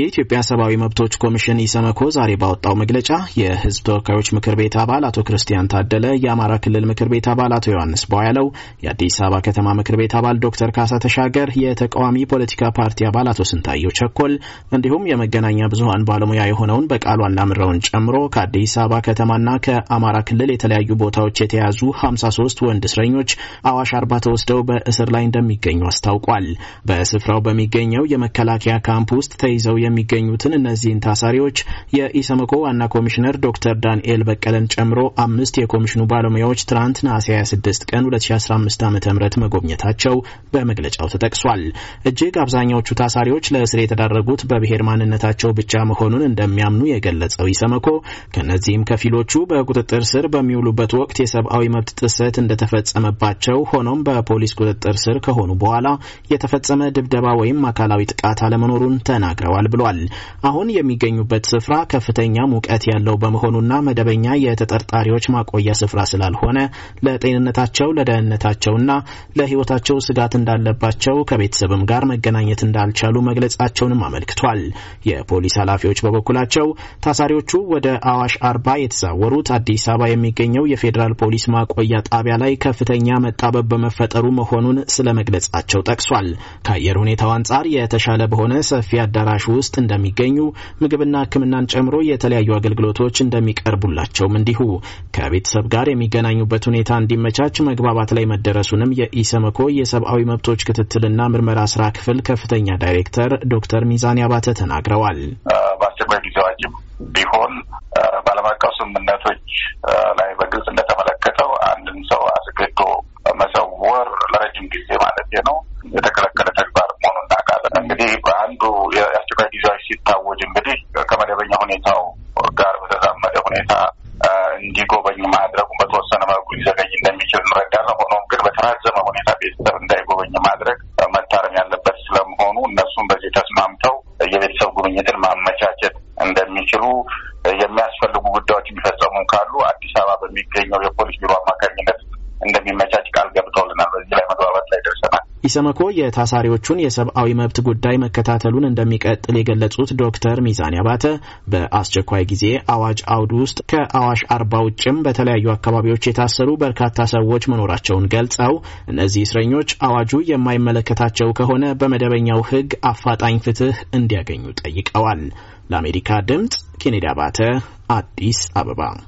የኢትዮጵያ ሰብአዊ መብቶች ኮሚሽን ኢሰመኮ ዛሬ ባወጣው መግለጫ የህዝብ ተወካዮች ምክር ቤት አባል አቶ ክርስቲያን ታደለ፣ የአማራ ክልል ምክር ቤት አባል አቶ ዮሐንስ በያለው፣ የአዲስ አበባ ከተማ ምክር ቤት አባል ዶክተር ካሳ ተሻገር፣ የተቃዋሚ ፖለቲካ ፓርቲ አባል አቶ ስንታየው ቸኮል እንዲሁም የመገናኛ ብዙሀን ባለሙያ የሆነውን በቃሉ አላምረውን ጨምሮ ከአዲስ አበባ ከተማና ከአማራ ክልል የተለያዩ ቦታዎች የተያዙ 53 ወንድ እስረኞች አዋሽ አርባ ተወስደው በእስር ላይ እንደሚገኙ አስታውቋል። በስፍራው በሚገኘው የመከላከያ ካምፕ ውስጥ ተይዘው የሚገኙትን እነዚህን ታሳሪዎች የኢሰመኮ ዋና ኮሚሽነር ዶክተር ዳንኤል በቀለን ጨምሮ አምስት የኮሚሽኑ ባለሙያዎች ትናንት ነሐሴ 26 ቀን 2015 ዓ ም መጎብኘታቸው በመግለጫው ተጠቅሷል። እጅግ አብዛኛዎቹ ታሳሪዎች ለእስር የተዳረጉት በብሔር ማንነታቸው ብቻ መሆኑን እንደሚያምኑ የገለጸው ኢሰመኮ ከእነዚህም ከፊሎቹ በቁጥጥር ስር በሚውሉበት ወቅት የሰብአዊ መብት ጥሰት እንደተፈጸመባቸው፣ ሆኖም በፖሊስ ቁጥጥር ስር ከሆኑ በኋላ የተፈጸመ ድብደባ ወይም አካላዊ ጥቃት አለመኖሩን ተናግረዋል። ብሏል። አሁን የሚገኙበት ስፍራ ከፍተኛ ሙቀት ያለው በመሆኑና መደበኛ የተጠርጣሪዎች ማቆያ ስፍራ ስላልሆነ ለጤንነታቸው፣ ለደህንነታቸውና ለሕይወታቸው ስጋት እንዳለባቸው ከቤተሰብም ጋር መገናኘት እንዳልቻሉ መግለጻቸውንም አመልክቷል። የፖሊስ ኃላፊዎች በበኩላቸው ታሳሪዎቹ ወደ አዋሽ አርባ የተዛወሩት አዲስ አበባ የሚገኘው የፌዴራል ፖሊስ ማቆያ ጣቢያ ላይ ከፍተኛ መጣበብ በመፈጠሩ መሆኑን ስለ መግለጻቸው ጠቅሷል። ከአየር ሁኔታው አንጻር የተሻለ በሆነ ሰፊ አዳራሽ ውስጥ ውስጥ እንደሚገኙ ምግብና ሕክምናን ጨምሮ የተለያዩ አገልግሎቶች እንደሚቀርቡላቸውም እንዲሁ ከቤተሰብ ጋር የሚገናኙበት ሁኔታ እንዲመቻች መግባባት ላይ መደረሱንም የኢሰመኮ የሰብአዊ መብቶች ክትትልና ምርመራ ስራ ክፍል ከፍተኛ ዳይሬክተር ዶክተር ሚዛን አባተ ተናግረዋል። በአስቸኳይ ጊዜ አዋጅም ቢሆን በዓለም አቀፍ ስምምነቶች ላይ በግልጽ እንደተመለ ሁኔታ እንዲጎበኙ ማድረጉ በተወሰነ መልኩ ሊዘገይ እንደሚችል እንረዳለን። ሆኖም ግን በተራዘመ ሁኔታ ቤተሰብ እንዳይጎበኝ ማድረግ መታረም ያለበት ስለመሆኑ እነሱም በዚህ ተስማምተው የቤተሰብ ጉብኝትን ማመቻቸት እንደሚችሉ የሚያስፈልጉ ጉዳዮች የሚፈጸሙ ካሉ አዲስ አበባ በሚገኘው የፖሊስ ቢሮ አማካኝነት እንደሚመቻ። ኢሰመኮ የታሳሪዎቹን የሰብአዊ መብት ጉዳይ መከታተሉን እንደሚቀጥል የገለጹት ዶክተር ሚዛን አባተ በአስቸኳይ ጊዜ አዋጅ አውድ ውስጥ ከአዋሽ አርባ ውጭም በተለያዩ አካባቢዎች የታሰሩ በርካታ ሰዎች መኖራቸውን ገልጸው እነዚህ እስረኞች አዋጁ የማይመለከታቸው ከሆነ በመደበኛው ሕግ አፋጣኝ ፍትህ እንዲያገኙ ጠይቀዋል። ለአሜሪካ ድምጽ ኬኔዲ አባተ አዲስ አበባ